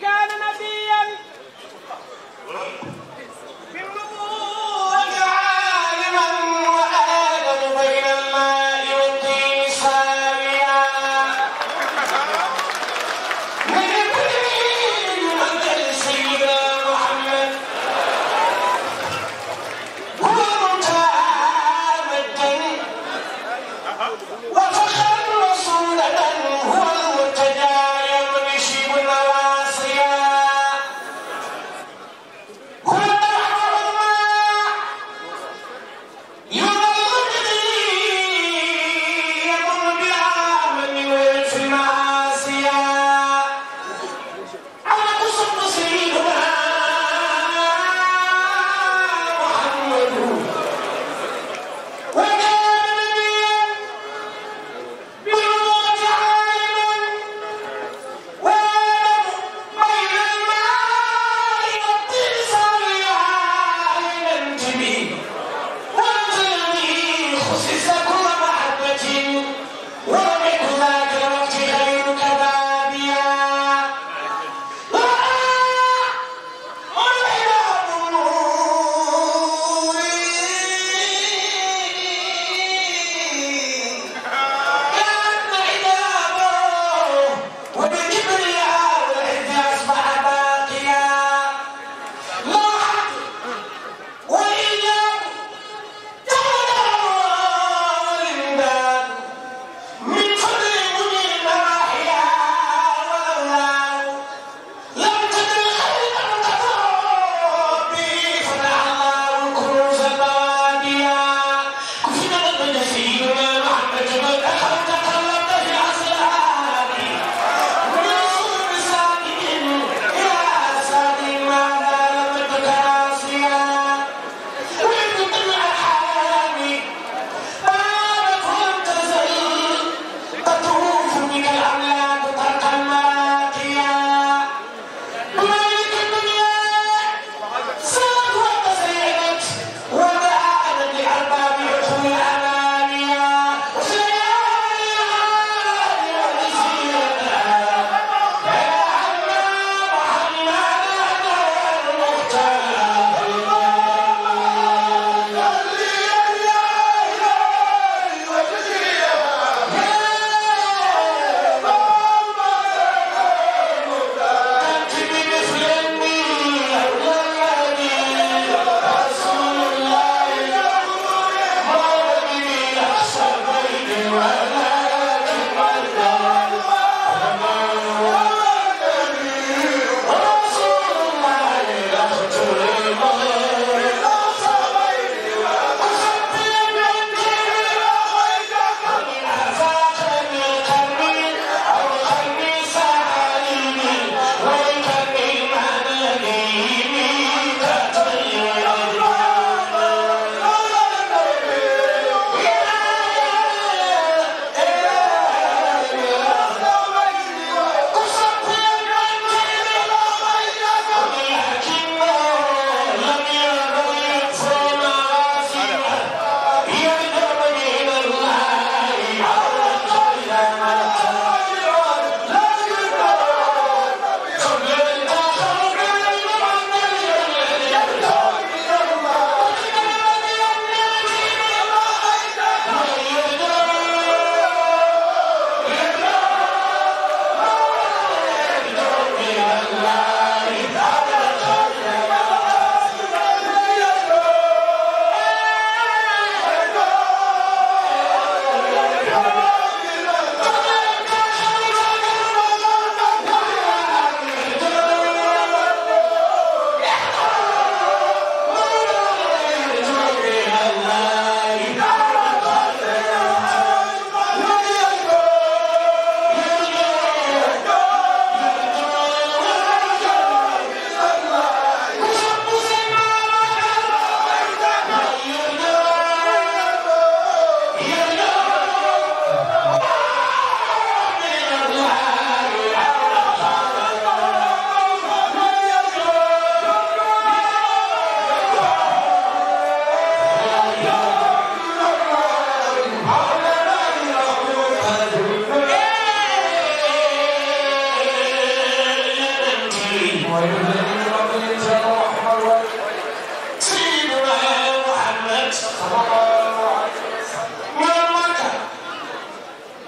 كان نبيا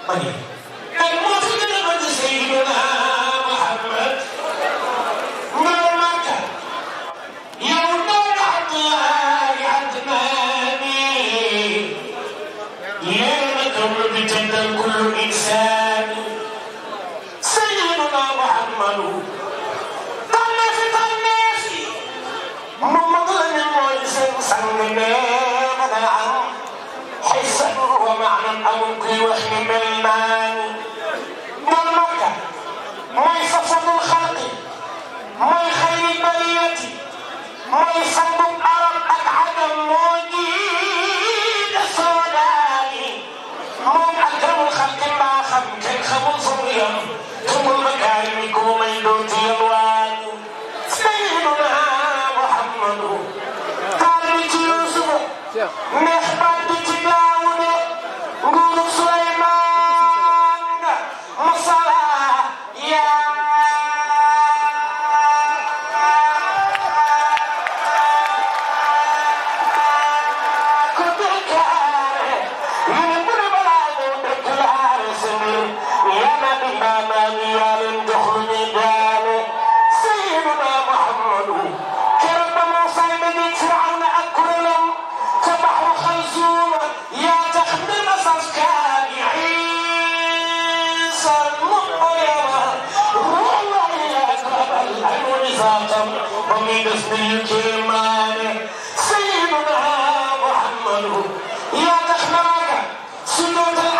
طيب المعتمد من سيدنا محمد من المكة يردون حتى يعتماني يا مكرم جدا كل إنسان سيدنا محمد طنخ طنخ ممضن المعز سننا منعا maanaam amul kuy wax lu mel naan man Makka mooy safatul xalqi mooy xayri bariyati mooy sangu arab ak adam mooy ميثاقا ومن اسم الكرمان سيدنا محمد يا تخلاك سنة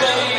day.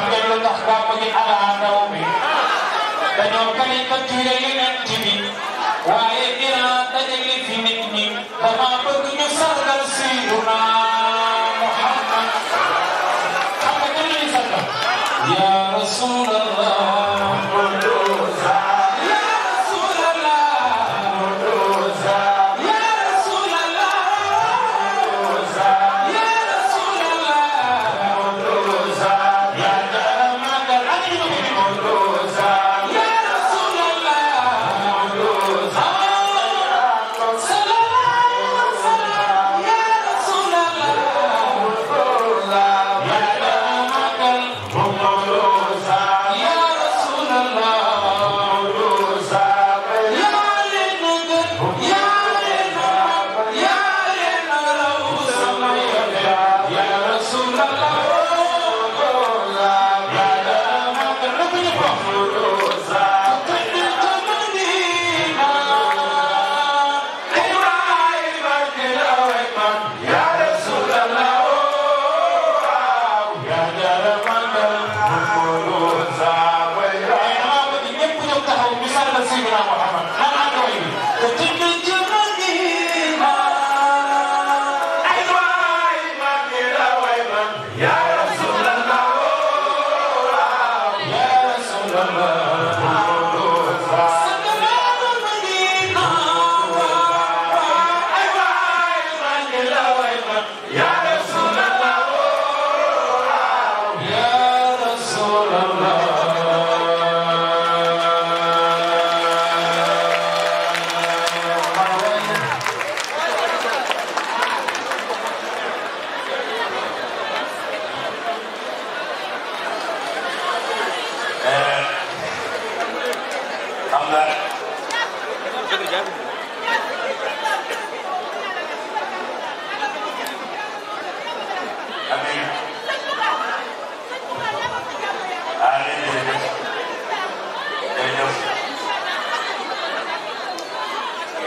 xam nga lu tax bàmb gi ala ndaw bi dañoo kali ka tuure yonent bi waaye dinaa dajale fi nit ñi dama bëgg ñu sargal Seydina Muhammad xam nga kan lañuy sargal yaa Rasulallah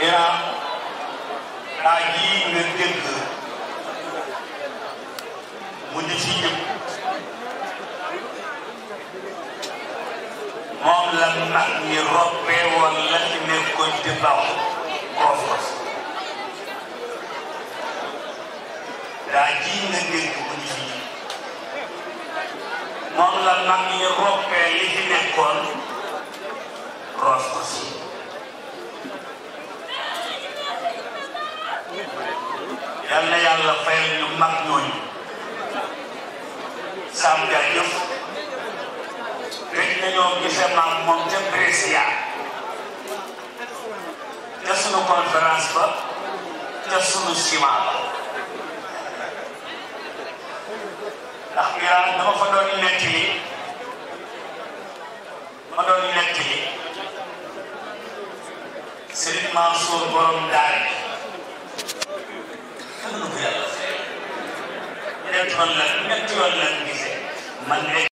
nee naa daaj mu di ci ñëpp moom la mag ñi roppee woon la ci nekkoon di baw koofos daaj yii ngeen mu di ci moom la mag ñi roppee li ci nekkoon roofos yal yàlla fayal ñu mag ñooñu Sam Jërëjëf gëj nañoo gise maam moom ca Brescia ca sunu conférence ba ca sunu ciment ba ndax Iran dama fa borom daara ñetti fan la ñetti fan la gisee man